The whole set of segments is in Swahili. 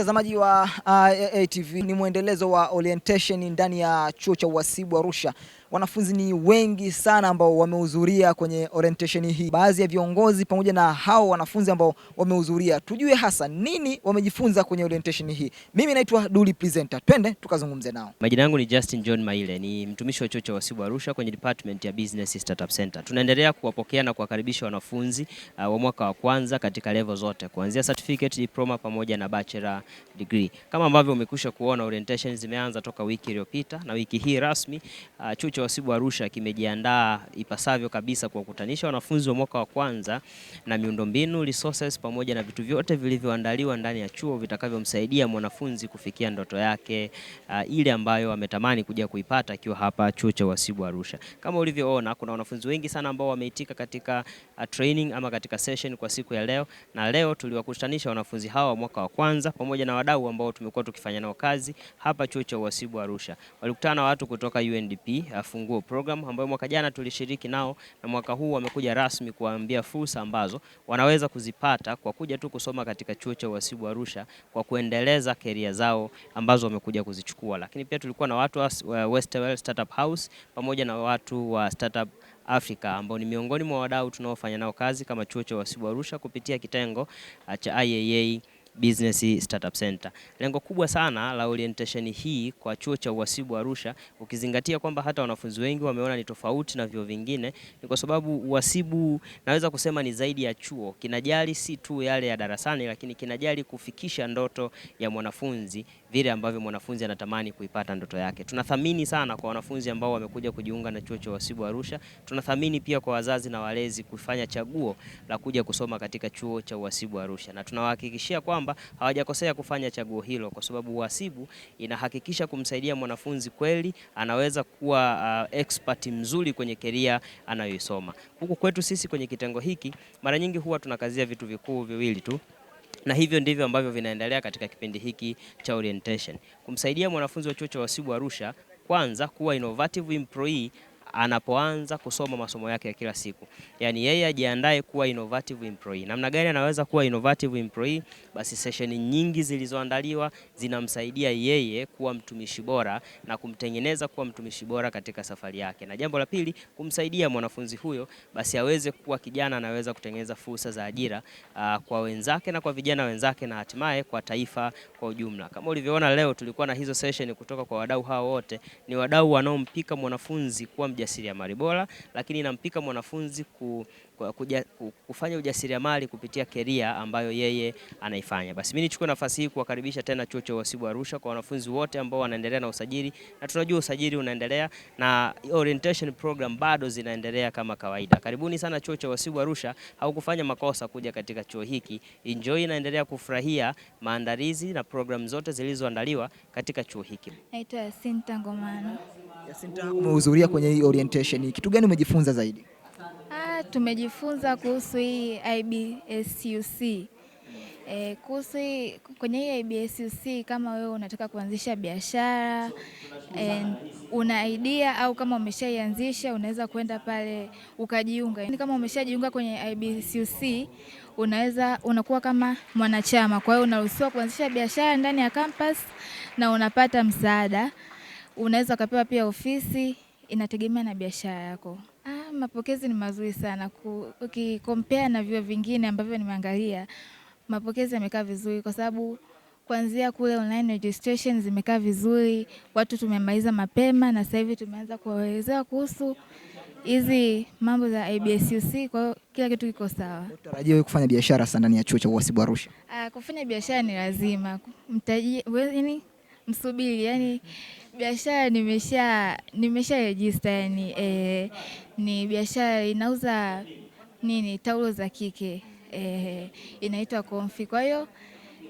Mtazamaji wa uh, ATV ni mwendelezo wa orientation ndani ya chuo cha uhasibu Arusha wanafunzi ni wengi sana ambao wamehudhuria kwenye orientation hii. Baadhi ya viongozi pamoja na hao wanafunzi ambao wamehudhuria, tujue hasa nini wamejifunza kwenye orientation hii. Mimi naitwa Duli Presenter, twende tukazungumze nao. Majina yangu ni Justin John Maile, ni mtumishi wa chuo cha uhasibu Arusha kwenye department ya business startup center. Tunaendelea kuwapokea na kuwakaribisha wanafunzi uh, wa mwaka wa kwanza katika level zote kuanzia certificate, diploma pamoja na bachelor degree. Kama ambavyo umekwisha kuona orientation zimeanza toka wiki iliyopita na wiki hii rasmi uh, chuo cha uhasibu Arusha kimejiandaa ipasavyo kabisa kuwakutanisha wanafunzi wa mwaka wa kwanza na miundombinu resources, pamoja na vitu vyote vilivyoandaliwa ndani ya chuo vitakavyomsaidia mwanafunzi kufikia ndoto yake uh, ile ambayo ametamani kuja kuipata akiwa hapa chuo cha uhasibu Arusha. Kama ulivyoona, kuna wanafunzi wengi sana ambao wameitika katika uh, training ama katika session kwa siku ya leo, na leo tuliwakutanisha wanafunzi hawa wa mwaka wa kwanza pamoja na wadau ambao tumekuwa tukifanya nao kazi hapa chuo cha uhasibu Arusha. Walikutana na watu kutoka UNDP uh, Ufunguo, program ambayo mwaka jana tulishiriki nao na mwaka huu wamekuja rasmi kuambia fursa ambazo wanaweza kuzipata kwa kuja tu kusoma katika chuo cha uhasibu Arusha kwa kuendeleza keria zao ambazo wamekuja kuzichukua. Lakini pia tulikuwa na watu wa Westwell Startup House pamoja na watu wa Startup Africa ambao ni miongoni mwa wadau tunaofanya nao kazi kama chuo cha uhasibu Arusha kupitia kitengo ah, cha IAA Business Startup Center. Lengo kubwa sana la orientation hii kwa chuo cha uhasibu Arusha, ukizingatia kwamba hata wanafunzi wengi wameona ni tofauti na vyuo vingine, ni kwa sababu uhasibu naweza kusema ni zaidi ya chuo, kinajali si tu yale ya darasani, lakini kinajali kufikisha ndoto ya mwanafunzi vile ambavyo mwanafunzi anatamani kuipata ndoto yake. Tunathamini sana kwa wanafunzi ambao wamekuja kujiunga na chuo cha uhasibu Arusha. Tunathamini pia kwa wazazi na walezi kufanya chaguo la kuja kusoma katika chuo cha uhasibu Arusha, na tunawahakikishia kwamba hawajakosea kufanya chaguo hilo, kwa sababu uhasibu inahakikisha kumsaidia mwanafunzi kweli anaweza kuwa uh, expert mzuri kwenye keria anayoisoma. Huku kwetu sisi kwenye kitengo hiki mara nyingi huwa tunakazia vitu vikuu viwili tu na hivyo ndivyo ambavyo vinaendelea katika kipindi hiki cha orientation, kumsaidia mwanafunzi wa chuo cha wasibu Arusha kwanza kuwa innovative employee anapoanza kusoma masomo yake ya kila siku, yaani yeye ajiandae kuwa innovative employee. Namna gani anaweza kuwa innovative employee? Basi session nyingi zilizoandaliwa zinamsaidia yeye kuwa mtumishi bora na kumtengeneza kuwa mtumishi bora katika safari yake, na jambo la pili, kumsaidia mwanafunzi huyo basi aweze kuwa kijana anaweza kutengeneza fursa za ajira uh, kwa wenzake na kwa vijana wenzake na hatimaye kwa taifa kwa ujumla. Kama ulivyoona leo tulikuwa na hizo session kutoka kwa wadau hao wote, ni wadau wanaompika mwanafunzi kuwa ujasiriamali bora, lakini inampika mwanafunzi ku, ku, ku, kufanya ujasiriamali kupitia keria ambayo yeye anaifanya. Basi mimi nichukue nafasi hii kuwakaribisha tena Chuo cha Uhasibu Arusha kwa wanafunzi wote ambao wanaendelea na usajili, na tunajua usajili unaendelea na orientation program bado zinaendelea kama kawaida. Karibuni sana Chuo cha Uhasibu Arusha, haukufanya makosa kuja katika chuo hiki. Enjoy, naendelea kufurahia maandalizi na program zote zilizoandaliwa katika chuo hiki. Naitwa Yasinta Ngomano. Jacinta, umehudhuria kwenye hii orientation, kitu gani umejifunza zaidi? Ah, tumejifunza kuhusu hii IBSUC E, eh, kuhusu kwenye hii IBSUC kama wewe unataka kuanzisha biashara eh, una idea au kama umeshaianzisha unaweza kwenda pale ukajiunga. Yaani kama umeshajiunga kwenye IBSUC unaweza unakuwa kama mwanachama, kwa hiyo unaruhusiwa kuanzisha biashara ndani ya campus na unapata msaada. Unaweza ukapewa pia ofisi, inategemea na biashara yako. Ah, mapokezi ni mazuri sana ukikompea na vyuo vingine ambavyo nimeangalia, mapokezi yamekaa vizuri kwa sababu kuanzia kule online registration zimekaa vizuri, watu tumemaliza mapema na sasa hivi tumeanza kuwaelezea kuhusu hizi mambo za IBSUC. Kwa hiyo kila kitu kiko sawa. Unatarajia wewe kufanya biashara sana ndani ya chuo cha uhasibu Arusha? Ah, kufanya biashara ni lazima mtaji, yani msubiri yani biashara nimesha nimesha rejista yani e, ni biashara inauza nini taulo za kike e, inaitwa Comfy. Kwa hiyo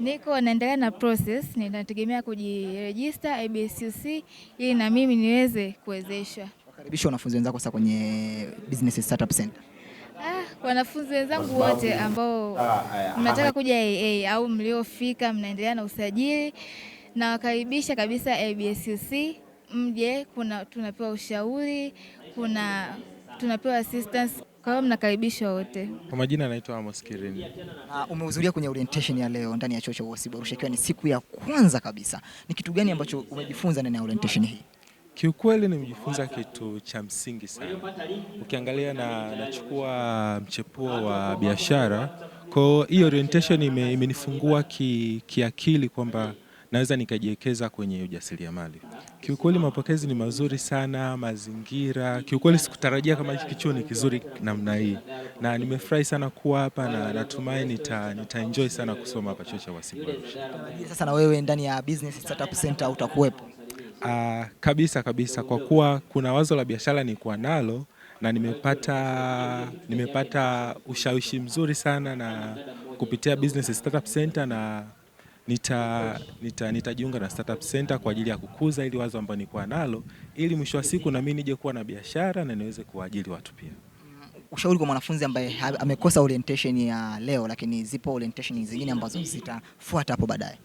niko naendelea na process, ninategemea kujirejista IBSUC ili na mimi niweze kuwezeshwa. Wakaribisha wanafunzi wenzako sasa kwenye Business Startup Center. Ah, wanafunzi wenzangu wote ambao ah, mnataka kuja AA au mliofika mnaendelea na usajili nawakaribisha kabisa ABSCC mje, kuna tunapewa ushauri, kuna tunapewa assistance kwa hiyo mnakaribishwa wote. Kwa majina anaitwa Amos Kirini. Uh, umehudhuria kwenye orientation ya leo ndani ya chuo cha uhasibu Arusha ikiwa ni siku ya kwanza kabisa, ni kitu gani ambacho umejifunza ndani ya orientation hii? Kiukweli nimejifunza kitu cha msingi sana, ukiangalia na nachukua mchepuo wa biashara, kwa hiyo orientation imenifungua ki, kiakili kwamba naweza nikajiwekeza kwenye ujasiriamali. Kiukweli mapokezi ni mazuri sana, mazingira kiukweli sikutarajia kama hiki kichuo ni kizuri namna hii, na nimefurahi sana kuwa hapa na natumai nita, nita enjoy sana kusoma hapa chuo cha uhasibu Arusha. Sasa na wewe ndani ya Business Startup Center utakuwepo? Uh, kabisa kabisa, kwa kuwa kuna wazo la biashara nikuwa nalo na nimepata, nimepata ushawishi mzuri sana na kupitia Business Startup Center na nitajiunga nita, nita na startup center kwa ajili ya kukuza ili wazo ambayo nilikuwa nalo, ili mwisho wa siku na mimi nije kuwa na biashara na niweze kuwaajiri watu pia. Ushauri kwa mwanafunzi ambaye amekosa orientation ya leo, lakini zipo orientation zingine ambazo zitafuata hapo baadaye.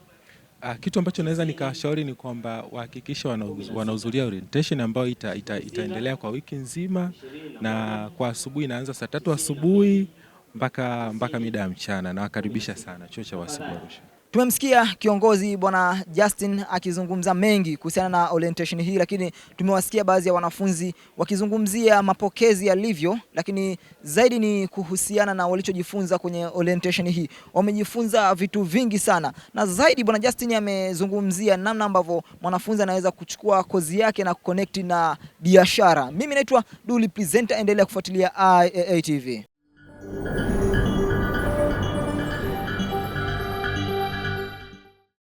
Ah, kitu ambacho naweza nikawashauri ni kwamba wahakikisha wanahudhuria orientation ambayo ita, ita, itaendelea kwa wiki nzima, na kwa asubuhi inaanza saa tatu asubuhi mpaka mpaka mida ya mchana, na wakaribisha sana chuo cha Wasibu Arusha. Tumemsikia kiongozi bwana Justin akizungumza mengi kuhusiana na orientation hii, lakini tumewasikia baadhi ya wanafunzi wakizungumzia mapokezi yalivyo, lakini zaidi ni kuhusiana na walichojifunza kwenye orientation hii. Wamejifunza vitu vingi sana, na zaidi bwana Justin amezungumzia namna ambavyo mwanafunzi anaweza kuchukua kozi yake na kuconnect na biashara. Mimi naitwa Duli Presenter, endelea kufuatilia IAA TV.